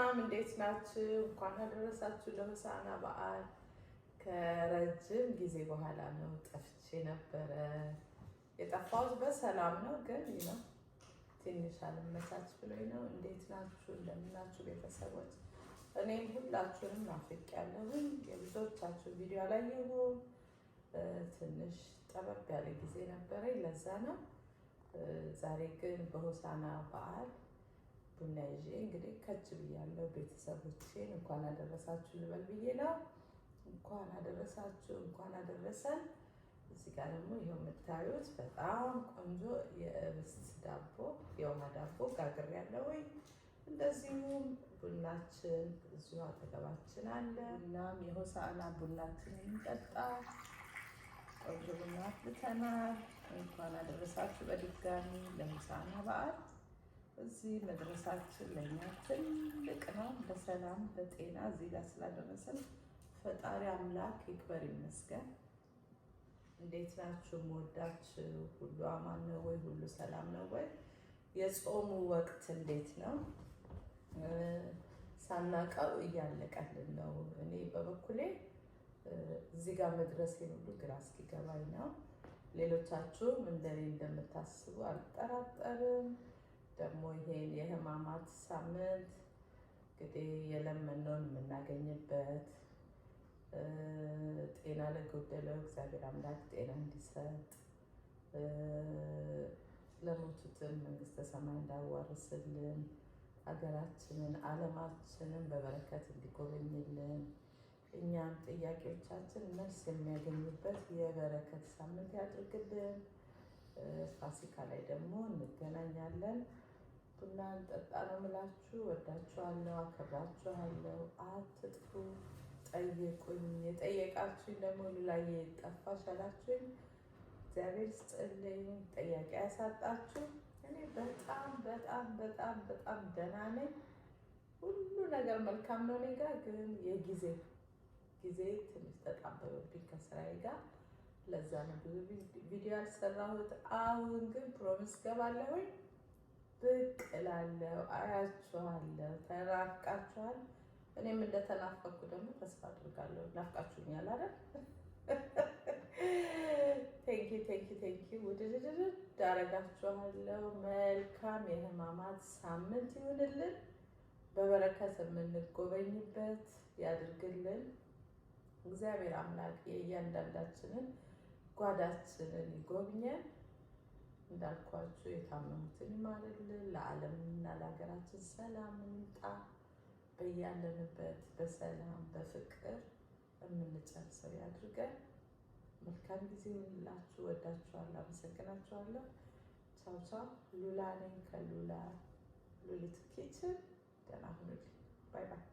ሰላም እንዴት ናችሁ? እንኳን አደረሳችሁ ለሆሳዕና በዓል። ከረጅም ጊዜ በኋላ ነው ጠፍቼ ነበረ። የጠፋሁት በሰላም ነው፣ ግን ነው ትንሽ አልመቻች ብሎኝ ነው። እንዴት ናችሁ? እንደምናችሁ ቤተሰቦች፣ እኔም ሁላችሁንም ናፍቄያለሁኝ። የብዙዎቻችሁ ቪዲዮ አላየሁም። ትንሽ ጠበብ ያለ ጊዜ ነበረኝ፣ ለዛ ነው። ዛሬ ግን በሆሳዕና በዓል ቡና ይዤ እንግዲህ ከች ብያለሁ። ቤተሰቦቼን እንኳን አደረሳችሁ ልበል ብዬ ነው። እንኳን አደረሳችሁ፣ እንኳን አደረሰን። እዚህ ጋር ደግሞ ይኸው የምታዩት በጣም ቆንጆ የእብስት ዳቦ የውሃ ዳቦ ጋግር ያለውኝ። እንደዚሁም ቡናችን እዚሁ አጠገባችን አለ። እናም የሆሳዕና ቡናችን የሚጠጣ ቆንጆ ቡና አፍልተናል። እንኳን አደረሳችሁ በድጋሚ ለሆሳዕና በዓል እዚህ መድረሳችን ለእኛ ትልቅ ነው። በሰላም በጤና እዚህ ጋር ስላደረሰን ፈጣሪ አምላክ ይክበር ይመስገን። እንዴት ናችሁ? ወዳች ሁሉ አማን ነው ወይ? ሁሉ ሰላም ነው ወይ? የጾሙ ወቅት እንዴት ነው? ሳናቀው እያለቀልን ነው። እኔ በበኩሌ እዚህ ጋር መድረሴ ሁሉ ግራ እስኪገባኝ ነው። ሌሎቻችሁም እንደኔ እንደምታስቡ አልጠራጠርም። ደግሞ ይሄን የህማማት ሳምንት እንግዲህ የለመነውን የምናገኝበት ጤና ለጎደለው እግዚአብሔር አምላክ ጤና እንዲሰጥ ለሞቱትን መንግስተ ሰማይ እንዳዋርስልን ሀገራችንን ዓለማችንን በበረከት እንዲጎበኝልን እኛም ጥያቄዎቻችን መልስ የሚያገኙበት የበረከት ሳምንት ያድርግልን። ፋሲካ ላይ ደግሞ እንገናኛለን። ቡና እንጠጣ ነው የምላችሁ። ወዳችኋለሁ፣ አከብራችኋለሁ። አትጥፉ፣ ጠይቁኝ። የጠየቃችሁኝ ደግሞ ላይ ጠፋሽ አላችሁኝ። እግዚአብሔር ስጥልኝ፣ ጥያቄ ያሳጣችሁ። እኔ በጣም በጣም በጣም በጣም ደህና ነኝ። ሁሉ ነገር መልካም ነው። እኔ ጋር ግን የጊዜ ጊዜ ትንሽ ተጣበበብኝ ከስራዬ ጋር ለዛ ነው ብዙ ቪዲዮ ያልሰራሁት። አሁን ግን ፕሮሚስ ገባለሁኝ ብቅ እላለሁ፣ አያችኋለሁ። ተናፍቃችኋል። እኔም እንደተናፈኩ ደግሞ ተስፋ አድርጋለሁ። ናፍቃችሁኛል አይደል? ቴንኪ ቴንኪ ቴንኪ ውድድድድ አረጋችኋለሁ። መልካም የህማማት ሳምንት ይሁንልን። በበረከት የምንጎበኝበት ያድርግልን። እግዚአብሔር አምላክ የእያንዳንዳችንን ጓዳችንን ይጎብኘን። እንዳልኳችሁ የታመሙትን ይማርልን። ለዓለምና ለሀገራችን ሰላም እንጣ። በያለንበት በሰላም በፍቅር የምንጨርሰው ያድርገን። መልካም ጊዜ ይሁንላችሁ። ወዳችኋለሁ፣ አመሰግናችኋለሁ። ቻው ቻው። ሉላ ነኝ ከሉላ ሉሊት ኪችን። ደህና ሁኑልኝ። ባይ ባይ።